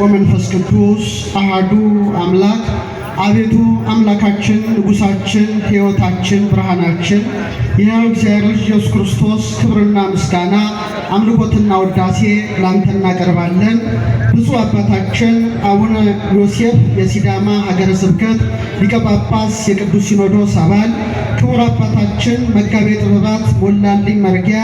ወመንፈስ ቅዱስ አሃዱ አምላክ አቤቱ አምላካችን ንጉሳችን ሕይወታችን ብርሃናችን የሕያው እግዚአብሔር ኢየሱስ ክርስቶስ ክብርና ምስጋና አምልኮትና ወዳሴ ላንተ እናቀርባለን። ብፁዕ አባታችን አቡነ ዮሴፍ የሲዳማ ሀገረ ስብከት ሊቀ ጳጳስ የቅዱስ ሲኖዶስ አባል ክቡር አባታችን መጋቤ ጥበባት ሞላልኝ መርጊያ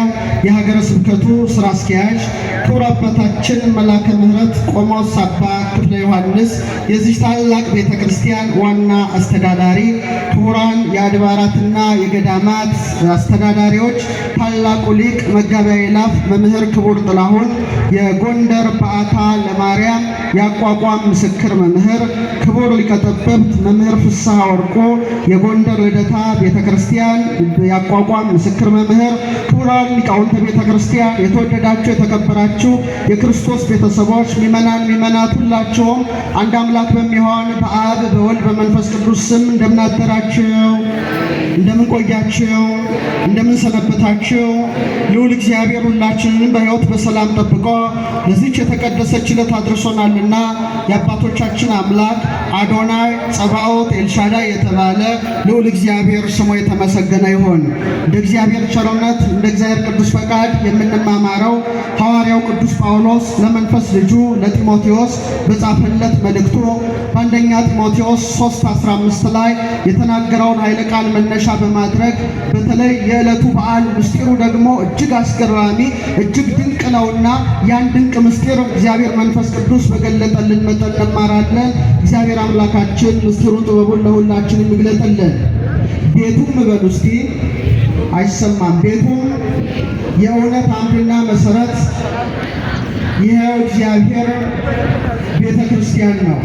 የሀገረ ስብከቱ ስራ አስኪያጅ፣ ክቡር አባታችን መላከ ምሕረት ቆሞስ አባ ክፍለ ዮሐንስ የዚህ ታላቅ ቤተ ክርስቲያን ዋና አስተዳዳሪ፣ ክቡራን የአድባራትና የገዳማት አስተዳዳሪዎች፣ ታላቁ ሊቅ መጋቢያ የላፍ መምህር ክቡር ጥላሁን፣ የጎንደር በዓታ ለማርያም የአቋቋም ምስክር መምህር ክቡር ሊቀ ጠበብት መምህር ፍስሐ ወርቆ፣ የጎንደር ልደታ ቤተ ክርስቲያን የአቋቋም ምስክር መምህር፣ ክቡራን ሊቃውንተ ቤተ ክርስቲያን፣ የተወደዳችሁ የተከበራችሁ የክርስቶስ ቤተሰቦች፣ ሚመናን ሚመናት፣ ሁላችሁም አንድ አምላክ በሚሆን በአብ በወልድ በመንፈስ ቅዱስ ስም እንደምናደራችሁ እንደምን ቆያችሁ? እንደምን ሰነበታችሁ? ልዑል እግዚአብሔር ሁላችንንም በሕይወት በሰላም ጠብቆ ለዚች የተቀደሰች ዕለት አድርሶናልና የአባቶቻችን አምላክ አዶናይ ጸባኦት ኤልሻዳይ የተባለ ልዑል እግዚአብሔር ስሙ የተመሰገነ ይሆን። እንደ እግዚአብሔር ቸርነት እንደ እግዚአብሔር ቅዱስ ፈቃድ የምንማማረው ሐዋርያው ቅዱስ ጳውሎስ ለመንፈስ ልጁ ለጢሞቴዎስ በጻፈለት መልእክቱ በአንደኛ ጢሞቴዎስ 3:15 ላይ የተናገረውን ኃይለ ቃል መነሻ በማድረግ በተለይ የዕለቱ በዓል ምስጢሩ ደግሞ እጅግ አስገራሚ እጅግ ድንቅ ነውና ያን ድንቅ ምስጢር እግዚአብሔር መንፈስ ቅዱስ በገለጠልን መጠን እንማራለን። እግዚአብሔር አምላካችን ምስጢሩን ጥበቡን ለሁላችንም ይግለጥልን። ቤቱም በሉ እስቲ አይሰማም። ቤቱም የእውነት አምድና መሰረት ይኸው እግዚአብሔር ቤተ ክርስቲያን ነው።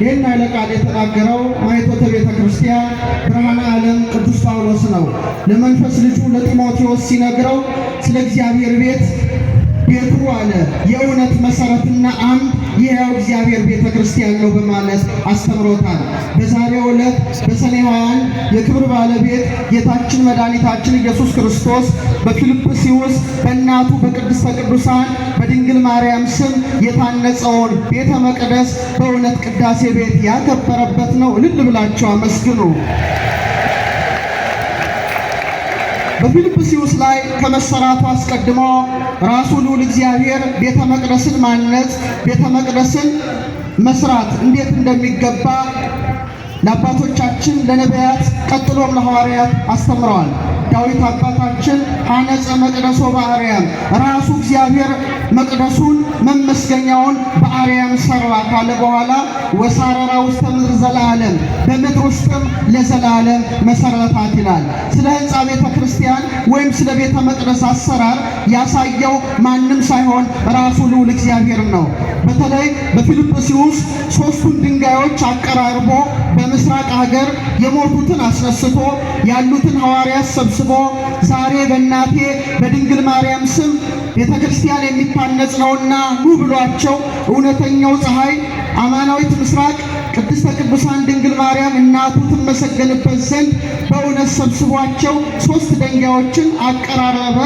ይህን ኃይለ ቃል የተናገረው ማኅቶተ ቤተ ክርስቲያን ብርሃነ ዓለም ቅዱስ ጳውሎስ ነው። ለመንፈስ ልጁ ለጢሞቴዎስ ሲነግረው ስለ እግዚአብሔር ቤት ቤቱ አለ የእውነት መሰረትና አምድ የሕያው እግዚአብሔር ቤተ ክርስቲያን ነው በማለት አስተምሮታል። በዛሬው ዕለት በሰኔ 21 የክብር ባለቤት ጌታችን መድኃኒታችን ኢየሱስ ክርስቶስ በፊልጵስዩስ በእናቱ በቅድስተ ቅዱሳን በድንግል ማርያም ስም የታነጸውን ቤተ መቅደስ በእውነት ቅዳሴ ቤት ያከበረበት ነው። እልል ብላችሁ አመስግኑ። በፊልጵስዩስ ላይ ከመሰራቱ አስቀድሞ ራሱ ልዑል እግዚአብሔር ቤተ መቅደስን ማነጽ፣ ቤተ መቅደስን መስራት እንዴት እንደሚገባ ለአባቶቻችን ለነቢያት ቀጥሎም ለሐዋርያት አስተምረዋል። ዳዊት አባታችን ሐነጸ መቅደሶ በአርያም ራሱ እግዚአብሔር መቅደሱን መመስገኛውን በአርያም ሰራ ካለ በኋላ ወሳረራ ውስተ ምድር ዘላለም በምድር ውስጥም ለዘላለም መሰረታት ይላል። ስለ ህንፃ ቤተ ክርስቲያን ወይም ስለ ቤተ መቅደስ አሰራር ያሳየው ማንም ሳይሆን ራሱ ልዑል እግዚአብሔር ነው። በተለይ በፊልጵስዩስ ሶስቱን ድንጋዮች አቀራርቦ በምስራቅ ሀገር የሞቱትን አስነስቶ ያሉትን ሐዋርያት ሰብስቦ ዛሬ በእናቴ በድንግል ማርያም ስም ቤተ ክርስቲያን የሚታነጽ ነውና ኑ ብሏቸው እውነተኛው ፀሐይ አማናዊት ምስራቅ ቅድስተ ቅዱሳን ድንግል ማርያም እናቱ ትመሰገንበት ዘንድ በእውነት ሰብስቧቸው ሶስት ደንጋዮችን አቀራረበ።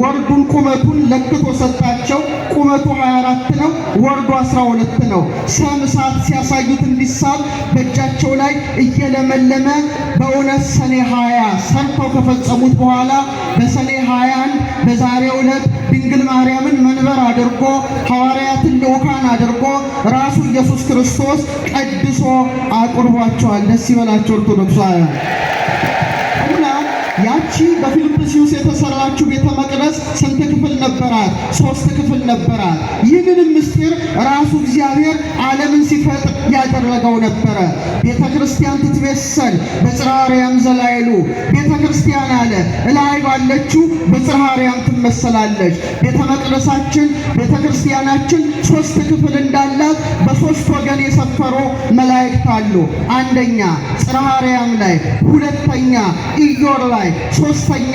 ወርዱን ቁመቱን ለክቶ ሰጣቸው። ቁመቱ 24 ነው፣ ወርዱ 12 ነው። ሰም እሳት ሲያሳዩት እንዲሳል በእጃቸው ላይ እየለመለመ በእውነት ሰኔ 20 ሰርተው ከፈጸሙት በኋላ በሰኔ 21 በዛሬው ዕለት ድንግል ማርያምን መንበር አድርጎ ሐዋርያትን ልዑካን አድርጎ ራሱ ኢየሱስ ክርስቶስ ቀድሶ አቁርቧቸዋል። ደስ ይበላቸው ኦርቶዶክሳውያን እና ያቺ በፊልም በአክሱስ የተሰራችው ቤተ መቅደስ ስንት ክፍል ነበራት? ሶስት ክፍል ነበራት። ይህንንም ምስጢር ራሱ እግዚአብሔር ዓለምን ሲፈጥር ያደረገው ነበረ። ቤተ ክርስቲያን ትትቤሰል በጽርሐ ዘላይሉ ቤተ ክርስቲያን አለ እላይ ባለችው በጽርሐ ትመሰላለች። ቤተ መቅደሳችን ቤተ ክርስቲያናችን ሶስት ክፍል እንዳላት በሶስት ወገን የሰፈሩ መላእክት አሉ። አንደኛ ጽርሐ ላይ፣ ሁለተኛ ኢዮር ላይ፣ ሶስተኛ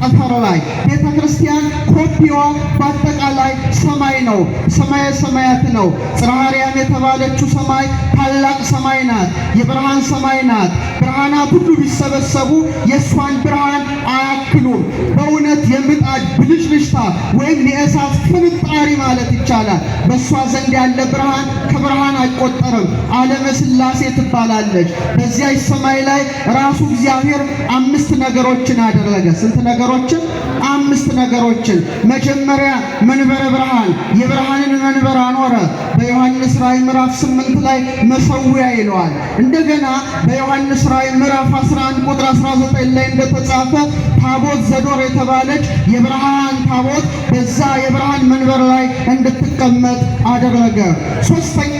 ጠፈር ላይ ቤተ ክርስቲያን ኮፒዋ በአጠቃላይ ሰማይ ነው። ሰማየ ሰማያት ነው። ጽርሐ አርያም የተባለችው ሰማይ ታላቅ ሰማይ ናት። የብርሃን ሰማይ ናት። ብርሃናት ሁሉ ቢሰበሰቡ የእሷን ብርሃን አያክሉም። በእውነት የምጣድ ብልጭልጭታ ወይም የእሳት ፍንጣሪ ማለት ይቻላል። በእሷ ዘንድ ያለ ብርሃን ከብርሃን አይቆጠርም። ዓለመ ሥላሴ ትባላለች። በዚያች ሰማይ ላይ ራሱ እግዚአብሔር አምስት ነገሮችን አደረገ። ስንት ነገር ነገሮችን አምስት ነገሮችን መጀመሪያ መንበረ ብርሃን የብርሃንን መንበር አኖረ። በዮሐንስ ራእይ ምዕራፍ ስምንት ላይ መሰዊያ ይለዋል። እንደገና በዮሐንስ ራእይ ምዕራፍ 11 ቁጥር 19 ላይ እንደተጻፈ ታቦት ዘዶር የተባለች የብርሃን ታቦት በዛ የብርሃን መንበር ላይ እንድትቀመጥ አደረገ። ሶስተኛ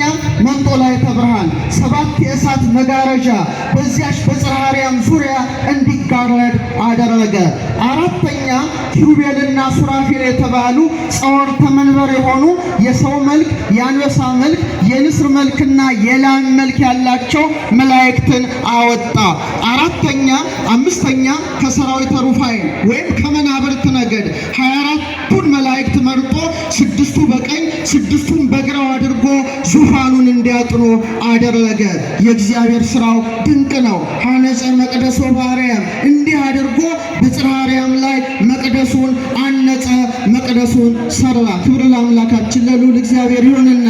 ወላይተ ብርሃን ሰባት የእሳት መጋረጃ በዚያች በጽርሐ ዙሪያ እንዲጋረድ አደረገ። አራተኛ ኪሩቤልና ሱራፊል የተባሉ ጸወርተ መንበር የሆኑ የሰው መልክ፣ የአንበሳ መልክ፣ የንስር መልክና የላም መልክ ያላቸው መላእክትን አወጣ። አራተኛ አምስተኛ ከሰራዊተ ሩፋኤል ወይም ከመናብርት ነገድ 24 መርጦ ስድስቱ በቀኝ ስድስቱን በግራው አድርጎ ዙፋኑን እንዲያጥኑ አደረገ። የእግዚአብሔር ስራው ድንቅ ነው። አነጸ መቅደሶ በአርያም እንዲህ አድርጎ በጽርሐ አርያም ላይ መቅደሱን አነጸ፣ መቅደሱን ሰራ። ክብር ለአምላካችን ለልዑል እግዚአብሔር ይሁንና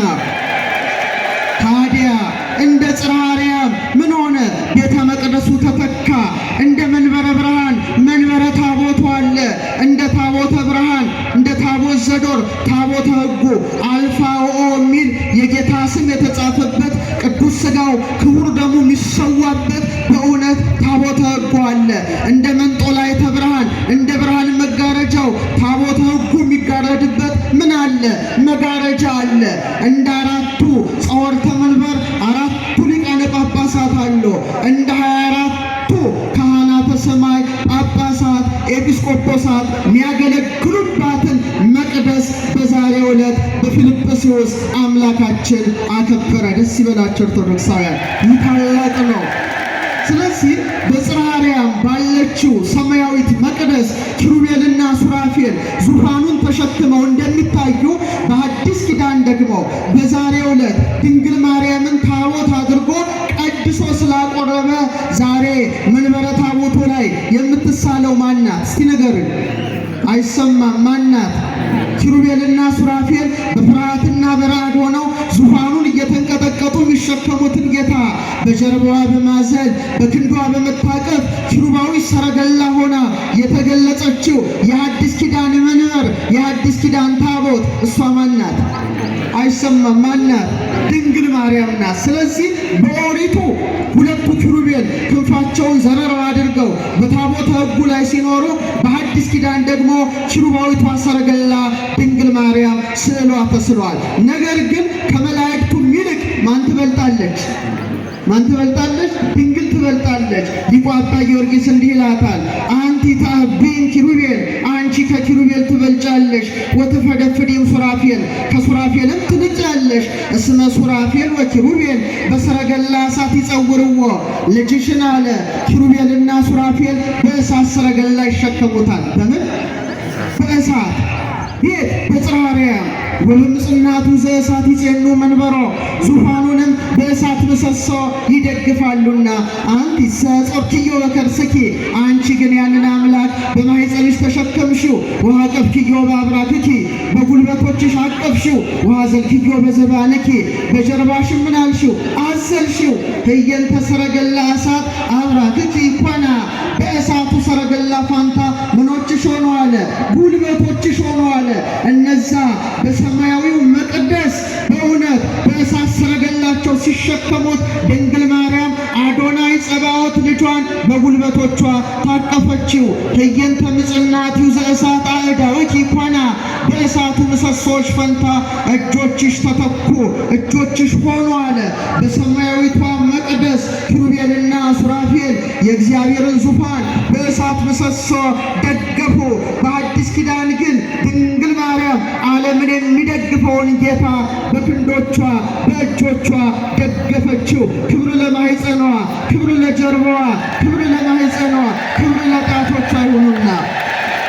ታዲያ እንደ ጽርሐ አርያም ምን ሆነ? ቤተ መቅደሱ ተተካ እንደ ሲኖር ታቦተ ሕጉ አልፋ የሚል የጌታ ስም የተጻፈበት ቅዱስ ሥጋው ክቡር ደሙ የሚሰዋበት በእውነት ታቦተ ሕጉ አለ። እንደ መንጦላዕተ ብርሃን እንደ ብርሃን መጋረጃው ታቦተ ሕጉ የሚጋረድበት ምን አለ? መጋረጃ አለ። እንደ አራቱ ጸወርተ መንበር አራቱ ሊቃነ ጳጳሳት አሉ። እንደ ሀያ አራቱ ካህናተ ሰማይ ጳጳሳት ኤጲስቆጶሳት የሚያገለግ ጳውሎስ በዛሬው ዕለት በፊልጵስዩስ አምላካችን አከበረ። ደስ ይበላቸው ኦርቶዶክሳውያን፣ ይህ ታላቅ ነው። ስለዚህ በጽርሐ ባለችው ሰማያዊት መቅደስ ኪሩቤልና ሱራፌል ዙፋኑን ተሸክመው እንደሚታዩ በአዲስ ኪዳን ደግሞ በዛሬው ዕለት ድንግል ማርያምን ታቦት አድርጎ ቀድሶ ስላቆረበ ዛሬ መንበረ ታቦቱ ላይ የምትሳለው ማናት? እስቲ ንገሩኝ። አይሰማም። ማናት? ኪሩቤልና ሱራፌል በፍርሃትና በራድ ሆነው ዙፋኑን እየተንቀጠቀጡ የሚሸከሙትን ጌታ በጀርባዋ በማዘል በክንዷ በመታቀፍ ኪሩባዊ ሰረገላ ሆና የተገለጸችው የአዲስ ኪዳን መንበር፣ የአዲስ ኪዳን ታቦት እሷ ማናት? አይሰማም። ማናት? ድንግል ማርያም ናት። ስለዚህ በኦሪቱ ክንፋቸውን ዘመር አድርገው በታቦተ ሕጉ ላይ ሲኖሩ በሐዲስ ኪዳን ደግሞ ኪሩባዊቷ ሰረገላ ድንግል ማርያም ስዕሏ ተስሏል። ነገር ግን ከመላእክቱ ይልቅ ማን ትበልጣለች? ማን ትበልጣለች? ድንግል ትበልጣለች። ሊቁ አባ ጊዮርጊስ እንዲህ ይላታል፣ አንቲ ታብን ኪሩቤል፣ አንቺ ከኪሩቤል ትበልጫለሽ። ወተፈደፍድም ሱራፌል፣ ከሱራፌልም ትልቅ ትመጣለሽ እስመ ሱራፌል ወኪሩቤል በሰረገላ እሳት ይጸውርዎ ልጅሽን አለ። ኪሩቤልና ሱራፌል በእሳት ሰረገላ ይሸከሙታል። በምን በእሳት ቤት በጽራሪያ ወበምጽናት ዘእሳት ይጼኑ መንበሮ ዙፋኑንም በእሳት ምሰሶ ይደግፋሉና አንቲሰ ጸብክዮ በከርስኪ አንቺ ግን ያንን አምላክ በማኅፀንሽ ተሸከምሽው። ወአቀፍክዮ በአብራክኪ በጉልበቶችሽ አቀፍሽው። ወአዘልክዮ በዘባንኪ በጀርባሽም ምን አልሽው አዘልሽው። ህየንተ ሰረገላ እሳት አብራክኪ ኮና በእሳቱ ሰረገላ ፋንታ ምኖችሽ ሆኖ አለ ጉልበቶችሽ በዛ በሰማያዊው መቅደስ በእውነት በእሳት ሰረገላቸው ሲሸከሙት ድንግል ማርያም ጸባዖት ልጇን በጉልበቶቿ ታቀፈችው። ትዕይንተ ምጽናቲው ዘእሳት አእዳዊኪ ኮና በእሳቱ ምሰሶዎች ፈንታ እጆችሽ ተተኩ እጆችሽ ሆኑ አለ። በሰማያዊቷ መቅደስ ኪሩቤልና ሱራፌል የእግዚአብሔርን ዙፋን በእሳት ምሰሶ ደገፉ። በአዲስ ኪዳን ግን ድንግል ማርያም ዓለምን የሚደግፈውን ጌታ በክንዶቿ በእጆቿ ደገፈችው። ጽኗ፣ ክብር ለጀርባዋ፣ ክብር ለማህፀኗ፣ ክብር ለጣቶቿ ይሁኑና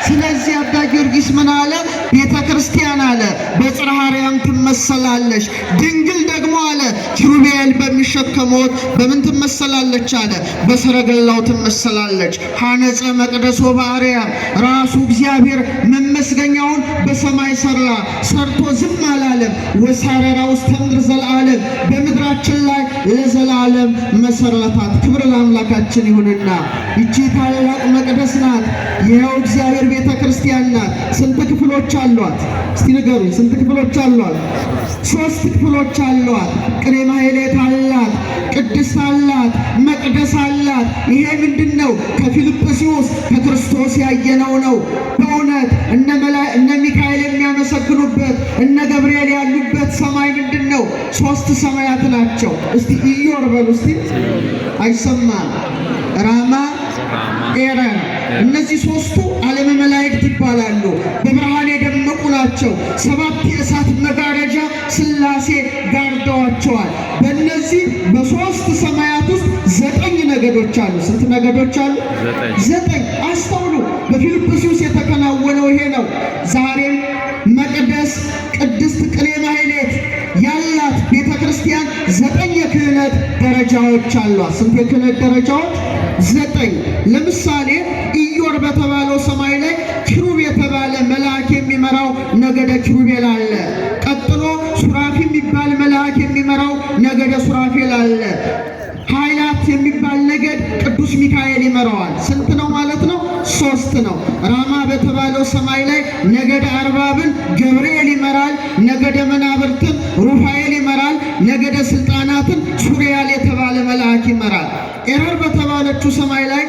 ስለዚህ አባ ጊዮርጊስ ምን አለ? ቤተ ክርስቲያን አለ በጽርሐ አርያም ትመሰላለች። ድንግል ደግሞ አለ ኪሩቤል በሚሸከሙት በምን ትመሰላለች አለ? በሰረገላው ትመሰላለች። ሐነፀ መቅደሶ በአርያም ራሱ እግዚአብሔር መመስገኛውን በሰማይ ሰራ፣ ሰርቶ ዝም አላለም። ወሳረራ ውስጥ ተምድር ዘለዓለም በምድራችን ላይ ለዘላለም መሰረታት። ክብር ለአምላካችን ይሁንና ይቺ ታላቅ መቅደስ ናት። ይኸው እግዚአብሔር ቤተ ክርስቲያን ናት። ስንት ክፍሎች አሏት? እስቲ ንገሩኝ። ስንት ክፍሎች አሏት? ሶስት ክፍሎች አሏት። ቅኔ ማህሌት አላት፣ ቅድስት አላት፣ መቅደስ አላት። ይሄ ምንድን ነው? ከፊልጵስዩስ ከክርስቶስ ያየነው ነው። በእውነት እነ ሚካኤል የሚያመሰግኑበት እነ ገብርኤል ያሉበት ሰማይ ምንድን ነው? ሶስት ሰማያት ናቸው። እስቲ ኢዮር በሉ። እስቲ አይሰማም። ራማ ኤረር እነዚህ ሶስቱ ዓለመ መላእክት ይባላሉ። በብርሃን የደመቁ ናቸው። ሰባት የእሳት መጋረጃ ስላሴ ጋርደዋቸዋል። በእነዚህ በሶስት ሰማያት ውስጥ ዘጠኝ ነገዶች አሉ። ስንት ነገዶች አሉ? ዘጠኝ። አስተውሉ። በፊልጵስዩስ የተከናወነው ይሄ ነው። ዛሬም መቅደስ ቅድስት ቅኔ ማህሌት ያላት ቤተ ክርስቲያን ዘጠኝ የክህነት ደረጃዎች አሏት። ስንት የክህነት ደረጃዎች? ዘጠኝ። ለምሳሌ ነገደ ኪሩቤል አለ። ቀጥሎ ሱራፊ የሚባል መልአክ የሚመራው ነገደ ሱራፌል አለ። ኃይላት የሚባል ነገድ ቅዱስ ሚካኤል ይመራዋል። ስንት ነው ማለት ነው? ሶስት ነው። ራማ በተባለው ሰማይ ላይ ነገደ አርባብን ገብርኤል ይመራል። ነገደ መናብርትን ሩፋኤል ይመራል። ነገደ ስልጣናትን ሱሪያል የተባለ መልአክ ይመራል። ኤረር በታችው ሰማይ ላይ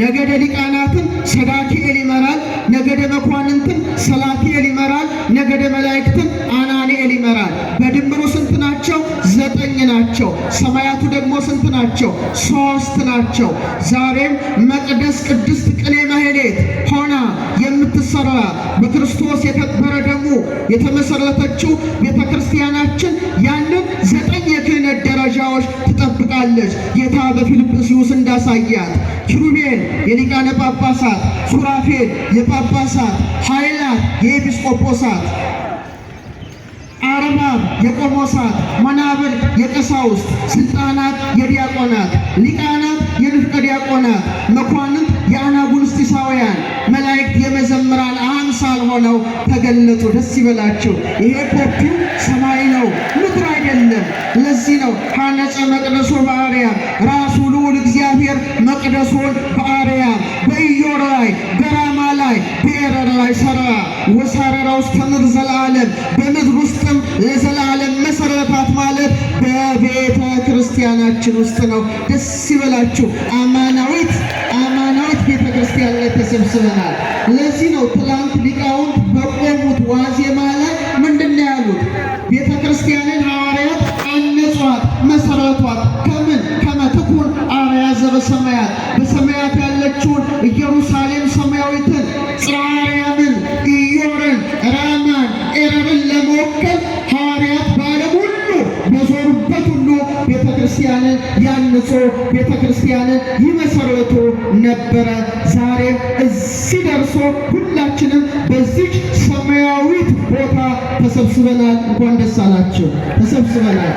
ነገደ ሊቃናትን ሰዳኪኤል ይመራል። ነገደ መኳንንትን ሰላኪኤል ይመራል። ነገደ መላእክትን አናንኤል ይመራል። በድምሩ ስንት ናቸው? ዘጠኝ ናቸው። ሰማያቱ ደግሞ ስንት ናቸው? ሶስት ናቸው። ዛሬም መቅደስ ቅድስት ቅኔ ማህሌት ሆና የምትሰራ በክርስቶስ የከበረ ደሙ የተመሰረተችው ቤተክርስቲያናችን ያንን ዘጠኝ መጋረጃዎች ትጠብቃለች። ጌታ በፊልጵስዩስ እንዳሳያት ኪሩቤል የሊቃነ ጳጳሳት፣ ሱራፌል የጳጳሳት፣ ኃይላት የኤጲስቆጶሳት፣ አርባብ የቆሞሳት፣ መናብር የቀሳውስት፣ ስልጣናት የዲያቆናት፣ ሊቃናት የንፍቀ ዲያቆናት፣ መኳንንት የአናጉንስቲሳውያን መላእክት የመዘምራን አምሳል ሆነው ተገለጡ። ደስ ይበላቸው። ይሄ ኮፒው ሰማይ ነው። እናያለን። ለዚህ ነው ሐነጸ መቅደሶ በአርያም ራሱ ልዑል እግዚአብሔር መቅደሶን በአርያም በኢዮር ላይ በራማ ላይ በኤረር ላይ ሰራ። ወሳረራ ውስጥ ተምር ዘለዓለም በምድር ውስጥም ለዘላለም መሰረታት ማለት በቤተ ክርስቲያናችን ውስጥ ነው። ደስ ይበላችሁ። አማናዊት አማናዊት ቤተ ክርስቲያን ላይ ተሰብስበናል። ለዚህ ነው ትላንት ሰማያት በሰማያት ያለችውን ኢየሩሳሌም ሰማያዊትን ጽራርያምን፣ ኢዮርን፣ ራማን፣ ኤረርን ለመወከል ሐዋርያት በዓለም ሁሉ በዞሩበት ሁሉ ቤተ ክርስቲያንን ያንጾ ቤተ ክርስቲያንን ይመሰረቱ ነበረ። ዛሬ እዚህ ደርሶ ሁላችንም በዚች ሰማያዊት ቦታ ተሰብስበናል። እንኳን ደስ አላቸው። ተሰብስበናል።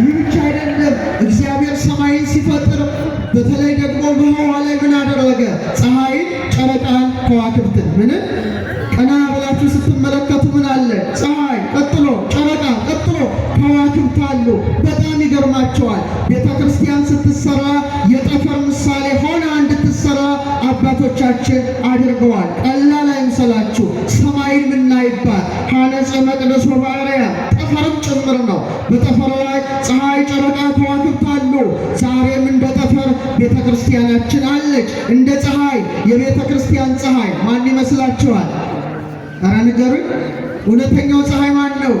ይህ ብቻ አይደለም። እግዚአብሔር ሰማይ በተለይ ደግሞ በውሃ ላይ ምን አደረገ? ፀሐይ፣ ጨረቃን፣ ከዋክብትን ምን ቀና ብላችሁ ስትመለከቱ ምን አለ? ፀሐይ ቀጥሎ ጨረቃ ቀጥሎ ከዋክብት አሉ። በጣም ይገርማቸዋል። ቤተ ክርስቲያን ስትሰራ የጠፈር ምሳሌ ሆና እንድትሰራ አባቶቻችን አድርገዋል። ቀላል አይምሰላችሁ። ሰማይን የምናይባት ሀነፀ መቅደስ ባህሪያ ጠፈርም ጭምር ነው። በጠፈሯ ክርስቲያናችን አለች። እንደ ፀሐይ የቤተ ክርስቲያን ፀሐይ ማን ይመስላችኋል? ኧረ ንገሩኝ። እውነተኛው ፀሐይ ማን ነው?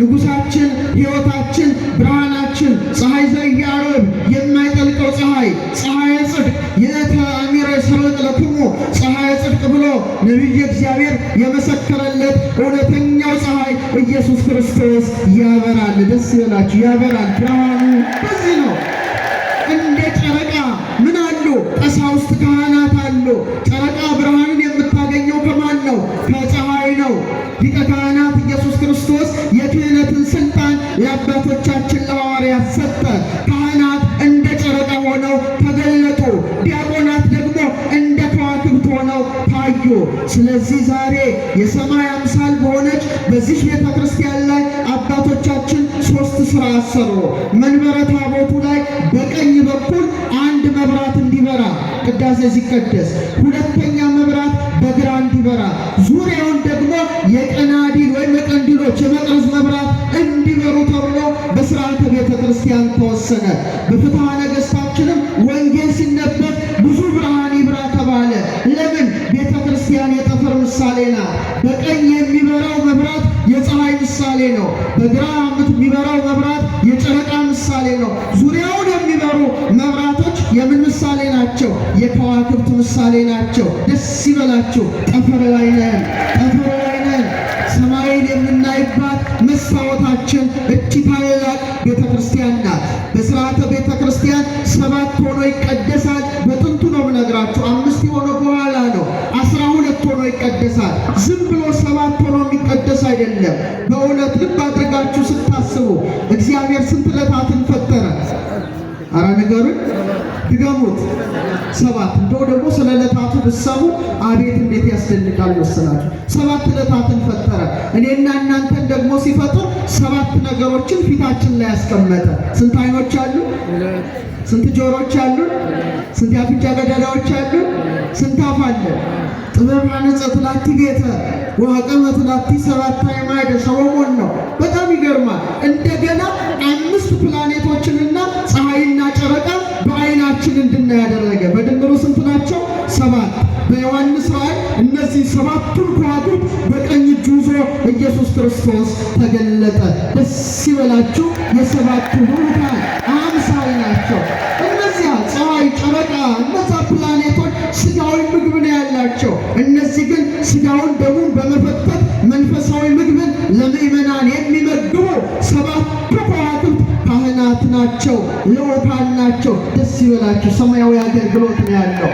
ንጉሳችን፣ ሕይወታችን፣ ብርሃናችን ፀሐይ ዘኢየዐርብ የማይጠልቀው ፀሐይ ፀሐይ ጽድቅ የእተ አሚረ ሰወጥ ለክሙ ፀሐይ ጽድቅ ብሎ ነቢየ እግዚአብሔር የመሰከረለት እውነተኛው ፀሐይ ኢየሱስ ክርስቶስ ያበራል። ደስ ይላችሁ፣ ያበራል። ብርሃኑ በዚህ ነው። ቀሳውስት ካህናት አሉ። ጨረቃ ብርሃንን የምታገኘው ከማን ነው? ከፀሐይ ነው። ሊቀ ካህናት ኢየሱስ ክርስቶስ የክህነትን ስልጣን ለአባቶቻችን ለሐዋርያት ሰጠ። ካህናት እንደ ጨረቃ ሆነው ተገለጡ። ዲያቆናት ደግሞ እንደ ከዋክብት ሆነው ታዩ። ስለዚህ ዛሬ የሰማይ አምሳል በሆነች በዚህ ቤተ ክርስቲያን ላይ አባቶቻችን ሶስት ስራ አሰሩ። ቅዳሴ ሲቀደስ፣ ሁለተኛ መብራት በግራ እንዲበራ ዙሪያውን ደግሞ የቀናዲል ወይም የቀንዲሎች የመቅረዝ መብራት እንዲበሩ ተብሎ በስርዓተ ቤተ ክርስቲያን ተወሰነ። በፍትሐ ነገሥታችንም ወንጌል ሲነበብ ኪዳን የጠፈር ምሳሌ ናት። በቀኝ የሚበራው መብራት የፀሐይ ምሳሌ ነው። በግራ የሚበራው መብራት የጨረቃ ምሳሌ ነው። ዙሪያውን የሚበሩ መብራቶች የምን ምሳሌ ናቸው? የከዋክብት ምሳሌ ናቸው። ደስ ይበላችሁ። ጠፈር ላይ ነን፣ ጠፈር ላይ ነን። ሰማይን የምናይባት መስታወታችን እቺ ታላቅ ቤተ ክርስቲያን ናት። በስርዓተ ቤተ ክርስቲያን ሰባት ሆኖ ይቀደሳል። በጥንቱ ነው የምነግራችሁ አምስት የሆነ በኋላ ይቀደሳል። ዝም ብሎ ሰባት ሆኖ የሚቀደስ አይደለም። በእውነት ልብ አድርጋችሁ ስታስቡ እግዚአብሔር ስንት ዕለታትን ፈጠረ? አረ ነገሩን ድገሙት። ሰባት እንደው ደግሞ ስለ ዕለታቱ ብትሰሙ አቤት እንዴት ያስደንቃል መሰላችሁ። ሰባት ዕለታትን ፈጠረ። እኔና እናንተን ደግሞ ሲፈጥር ሰባት ነገሮችን ፊታችን ላይ ያስቀመጠ። ስንት አይኖች አሉ? ስንት ጆሮች አሉ? ስንት የአፍንጫ ቀዳዳዎች አሉ? ስንት አፍ አለ? ጥበብ ማነጸት ላቲ ቤተ ወቀመት ላቲ ሰባት ማደ ሰወሞን ነው። በጣም ይገርማል። እንደገና አምስት ፕላኔቶችንና ፀሐይና ጨረቃ በአይናችን እንድናይ ያደረገ በድምሩ ስንት ናቸው? ሰባት። በዮሐንስ ራእይ እነዚህ ሰባቱን ከዋክብት በቀኝ እጁ ይዞ ኢየሱስ ክርስቶስ ተገለጠ። ደስ ይበላችሁ። የሰባቱ ሁሉታን አምሳል ናቸው። እነዚያ ፀሐይ፣ ጨረቃ፣ እነዛ ፕላኔቶች ስጋ ስጋውን ደሙን በመፈጠት መንፈሳዊ ምግብን ለምእመናን የሚመግቡ ሰባቱ ከዋክብት ካህናት ናቸው፣ ልዑካን ናቸው። ደስ ይበላችሁ። ሰማያዊ አገልግሎት ነው ያለው።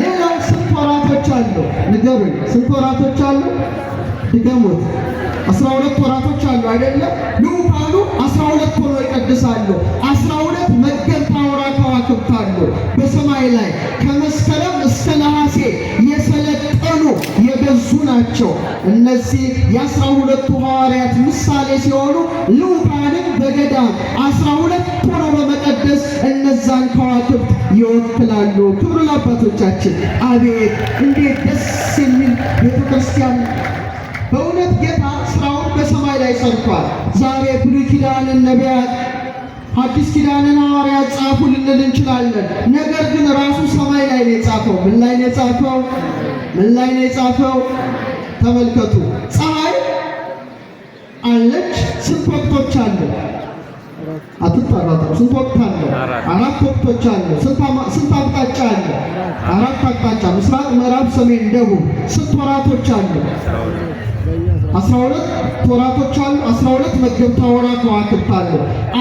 ሌላው ስንት ወራቶች አሉ? ንገሩኝ። ስንት ወራቶች አሉ? ድገሙት። አስራ ሁለት ወራቶች አሉ አይደለም? ልዑካኑ አስራ ሁለት ሆኖ ይቀድሳሉ። አስራ ሁለት መገንታወራ ከዋክብት አሉ በሰማይ ላይ ከመስከረም ናቸው። እነዚህ የአስራ ሁለቱ ሐዋርያት ምሳሌ ሲሆኑ ልዑካንም በገዳም አስራ ሁለት ሆነው በመቀደስ እነዛን ከዋክብት ይወክላሉ። ክብሩ ለአባቶቻችን። አቤት እንዴት ደስ የሚል ቤተ ክርስቲያን በእውነት ጌታ ስራውን በሰማይ ላይ ሰርቷል። ዛሬ ብሉይ ኪዳንን ነቢያት አዲስ ኪዳንን ሐዋርያት ጻፉ ልንል እንችላለን። ነገር ግን ራሱ ሰማይ ላይ ነው የጻፈው። ምን ላይ ነው የጻፈው? ምን ላይ ነው የጻፈው? ተመልከቱ። ፀሐይ አለች። ስንት ወቅቶች አሉ? አትጠራጠሩ። ስንት ወቅት አለ? አራት ወቅቶች አሉ። ስንት አቅጣጫ አለ? አራት አቅጣጫ፣ ምስራቅ፣ ምዕራብ፣ ሰሜን፣ ደቡብ። ስንት ወራቶች አሉ? አስራ ሁለት ወራቶች አሉ። አስራ ሁለት መገብታ ወራት ከዋክብት አሉ።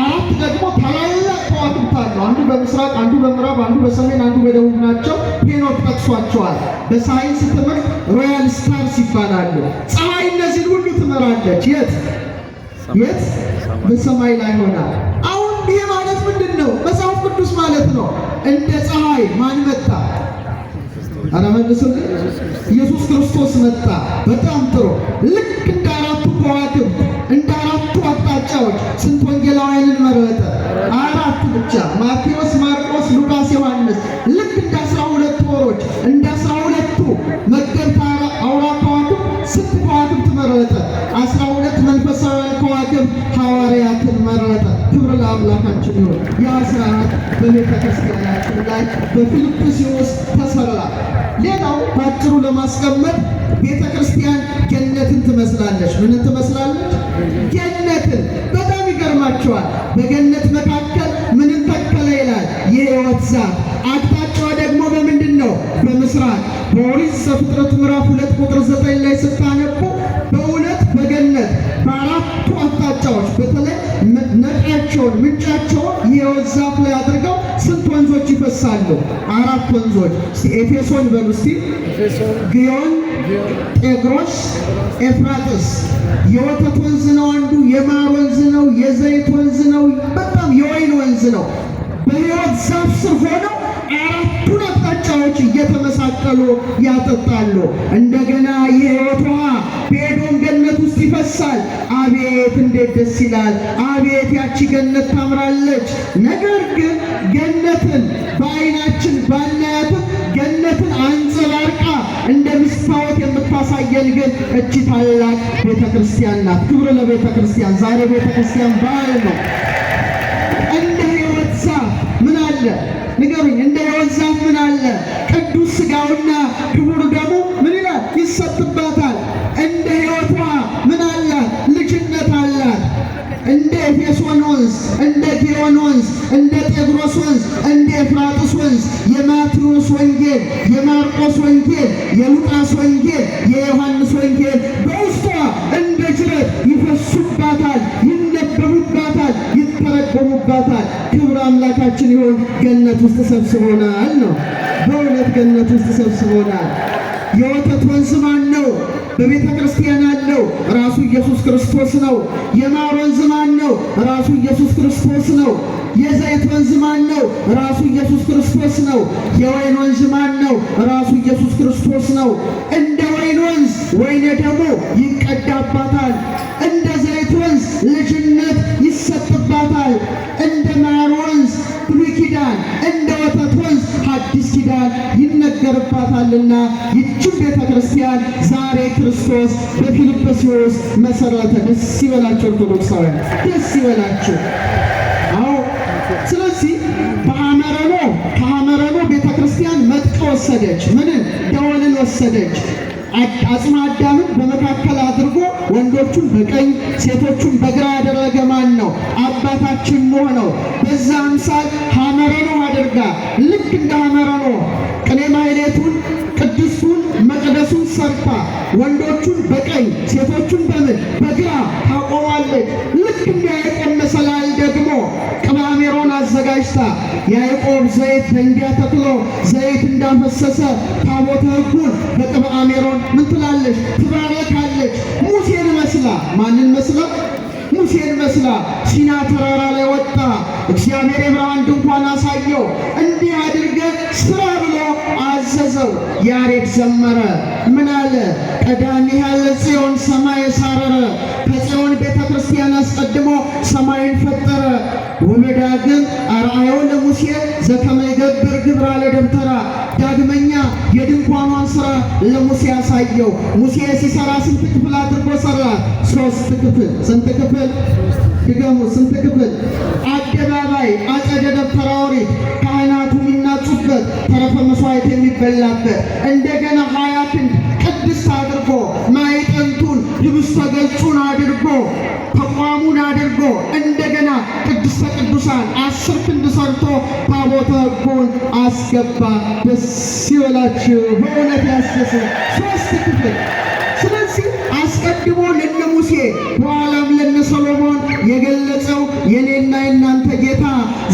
አራት ደግሞ ታላላ አጥንታለሁ። አንዱ በምስራቅ፣ አንዱ በምዕራብ፣ አንዱ በሰሜን፣ አንዱ በደቡብ ናቸው። ሄኖክ ጠቅሷቸዋል። በሳይንስ ትምህርት ሮያል ስታርስ ይባላሉ። ፀሐይ እነዚህን ሁሉ ትመራለች። የት የት? በሰማይ ላይ ሆና። አሁን ይሄ ማለት ምንድን ነው? መጽሐፍ ቅዱስ ማለት ነው። እንደ ፀሐይ ማን መጣ? አረመልስ ኢየሱስ ክርስቶስ መጣ። በጣም ጥሩ። ልክ እንደ አራቱ ከዋክብት እንደ በአራቱ አቅጣጫዎች ስንት ወንጌላውያንን መረጠ? አራት ብቻ ማቴዎስ፣ ማርቆስ፣ ሉቃስ፣ ዮሐንስ። ልክ እንደ አስራ ሁለቱ ወሮች እንደ አስራ ሁለቱ መገብ አውራ ከዋክብ ስንት ከዋክብት መረጠ? አስራ ሁለት መንፈሳውያን ከዋክብ ሐዋርያትን መረጠ። ክብር ለአምላካችን ይሁን። የአስራ አራት በቤተክርስቲያናችን ላይ በፊልጵስዩስ ተሰራ። ሌላው በአጭሩ ለማስቀመጥ ቤተ ክርስቲያን ገነትን ትመስላለች። ምን ትመስላለች? ገነትን። በጣም ይገርማቸዋል። በገነት መካከል ምንም ተከለ ይላል የህይወት ዛፍ። አቅጣጫዋ ደግሞ በምንድን ነው? በምስራቅ። በኦሪት ዘፍጥረት ምዕራፍ ሁለት ቁጥር ዘጠኝ ላይ ስታነቡ በእውነት በገነት በአራቱ አቅጣጫዎች በተለይ ምንጫቸውን ምንጫቸውን የወዛፍ ዛፍ ላይ አድርገው ስንት ወንዞች ይፈሳሉ? አራት ወንዞች ኤፌሶን በሉ እስቲ፣ ግዮን፣ ጤግሮስ፣ ኤፍራጥስ። የወተት ወንዝ ነው አንዱ፣ የማር ወንዝ ነው፣ የዘይት ወንዝ ነው፣ በጣም የወይን ወንዝ ነው። በህይወት ዛፍ ስር ሆነው አራቱን አቅጣጫዎች እየተመሳቀሉ ያጠጣሉ። እንደገና የሕይወት ውሃ ገነት ውስጥ ይፈሳል። አቤት እንዴት ደስ ይላል! አቤት ያቺ ገነት ታምራለች። ነገር ግን ገነትን በዓይናችን ባናያትም ገነትን አንጸባርቃ እንደ መስታወት የምታሳየን ግን እቺ ታላቅ ቤተ ክርስቲያን ናት። ክብር ለቤተ ክርስቲያን። ዛሬ ቤተ ክርስቲያን በዓል ነው። እንደ ሕይወት ዛፍ ምን አለ ንገሩኝ? እንደ ሕይወት ዛፍ ምን አለ? ቅዱስ ሥጋውና ክቡር ደሙ ምን ይላል? ይሰጥባታል ጌዴሶን ወንዝ፣ እንደ ጊዮን ወንዝ፣ እንደ ጤግሮስ ወንዝ፣ እንደ ኤፍራጥስ ወንዝ የማቴዎስ ወንጌል፣ የማርቆስ ወንጌል፣ የሉቃስ ወንጌል፣ የዮሐንስ ወንጌል በውስጧ እንደ ጅረት ይፈሱባታል፣ ይነበቡባታል፣ ይተረጎሙባታል። ክብር አምላካችን ይሆን። ገነት ውስጥ ሰብስቦናል ነው። በእውነት ገነት ውስጥ ሰብስቦናል። የወተት ወንዝ ማን ነው? በቤተ ክርስቲያን ያለው ራሱ ኢየሱስ ክርስቶስ ነው። የማር ወንዝ ማን ነው? ራሱ ኢየሱስ ክርስቶስ ነው። የዘይት ወንዝ ማን ነው? ራሱ ኢየሱስ ክርስቶስ ነው። የወይን ወንዝ ማን ነው? ራሱ ኢየሱስ ክርስቶስ ነው። እንደ ወይን ወንዝ ወይኔ ደግሞ ይቀዳባታል። እንደ ዘይት ወንዝ ልጅነት ይሰጣል። አድርጓልና ይችን ቤተ ክርስቲያን ዛሬ ክርስቶስ በፊልጵስዩስ መሰረተ። ደስ ይበላቸው ኦርቶዶክሳውያን፣ ደስ ይበላቸው። አዎ ስለዚህ በአመረኖ ከአመረኖ ቤተ ክርስቲያን መጥቃ ወሰደች። ምንን ደወልን ወሰደች። አጽመ አዳምን በመካከል አድርጎ ወንዶቹን በቀኝ ሴቶቹን በግራ ያደረገ ማን ነው? አባታችን ኖህ ነው። በዛ አምሳል ሐመረ አድርጋ ልክ እንደ ሐመረ ሰርታ ወንዶቹን በቀኝ ሴቶቹን በምን በግራ ታቆማለች። ልክ እንደ ያዕቆብ መሰላል ደግሞ ቅባሜሮን አዘጋጅታ ያዕቆብ ዘይት እንዲያ ተክሎ ዘይት እንዳፈሰሰ ታቦተ ሕጉን በቅባሜሮን ምን ትላለች? ትባረካለች። ሙሴን መስላ ማንን መስላ? ሙሴን መስላ ሲና ተራራ ላይ ወጣ። እግዚአብሔር የብርሃን ድንኳን አሳየው። እንዲህ አድርገ ስራ ብሎ አዘዘው። ያሬድ ዘመረ ምን አለ? ቀዳሚ ያለ ጽዮን ሰማይ ሳረረ፣ ከጽዮን ቤተ ክርስቲያን አስቀድሞ ሰማይን ፈጠረ። ወለዳ ግን አርአዮ ለሙሴ ዘከመ ይገብር ግብራ ለደብተራ ዳግመኛ የድንኳኗን ስራ ለሙሴ ያሳየው። ሙሴ ሲሰራ ስንት ክፍል አድርጎ ሰራ? ሶስት ክፍል። ስንት ክፍል? ድገሙ። ስንት ክፍል? አደባባይ፣ አጸደ ደብተራ ኦሪት፣ ካህናቱ የሚናጩበት፣ ተረፈ መስዋዕት የሚበላበት እንደገና ሀያትን ቅድስት አድርጎ ማይጠንቱን ልብሰ ገጹን አድርጎ ተቋሙን አድርጎ እንደገና ቅድስተ ቅዱሳን አስር ክንድ ሰርቶ ታቦተ ሕጉን አስገባ። ደስ ይበላችሁ። በእውነት ያስደስት ሶስት ክፍል አስቀድሞ ለነ ሙሴ በኋላም ለነ ሰሎሞን የገለጸው የኔና የናንተ ጌታ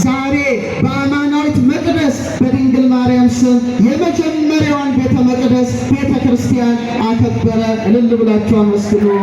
ዛሬ በአማናዊት መቅደስ በድንግል ማርያም ስም የመጀመሪያዋን ቤተ መቅደስ ቤተ ክርስቲያን አከበረ። እልል ብላችሁ አመስግኑ።